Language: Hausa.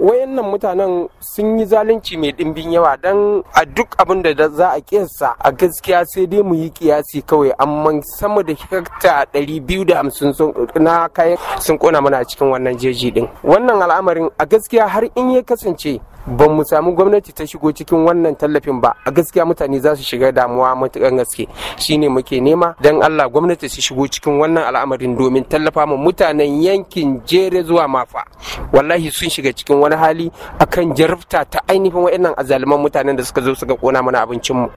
wayannan mutanen sun yi zalunci mai dimbin yawa don a duk abin da za a kiyasa a gaskiya sai dai mu yi kiyasi kawai amma sama da hekta ɗari biyu da hamsin na kayan sun kona mana a cikin wannan jeji din wannan al'amarin a gaskiya har in ya kasance ba mu samu gwamnati ta shigo cikin wannan tallafin ba a gaskiya mutane za su shiga damuwa matukan gaske shine muke nema don allah gwamnati su shigo cikin wannan al'amarin domin tallafa mu mutanen yankin jere zuwa mafa wallahi sun shiga cikin wani hali akan jarabta ta ainihin wa'annan azaliman mutanen da suka zo suka kona mana abincinmu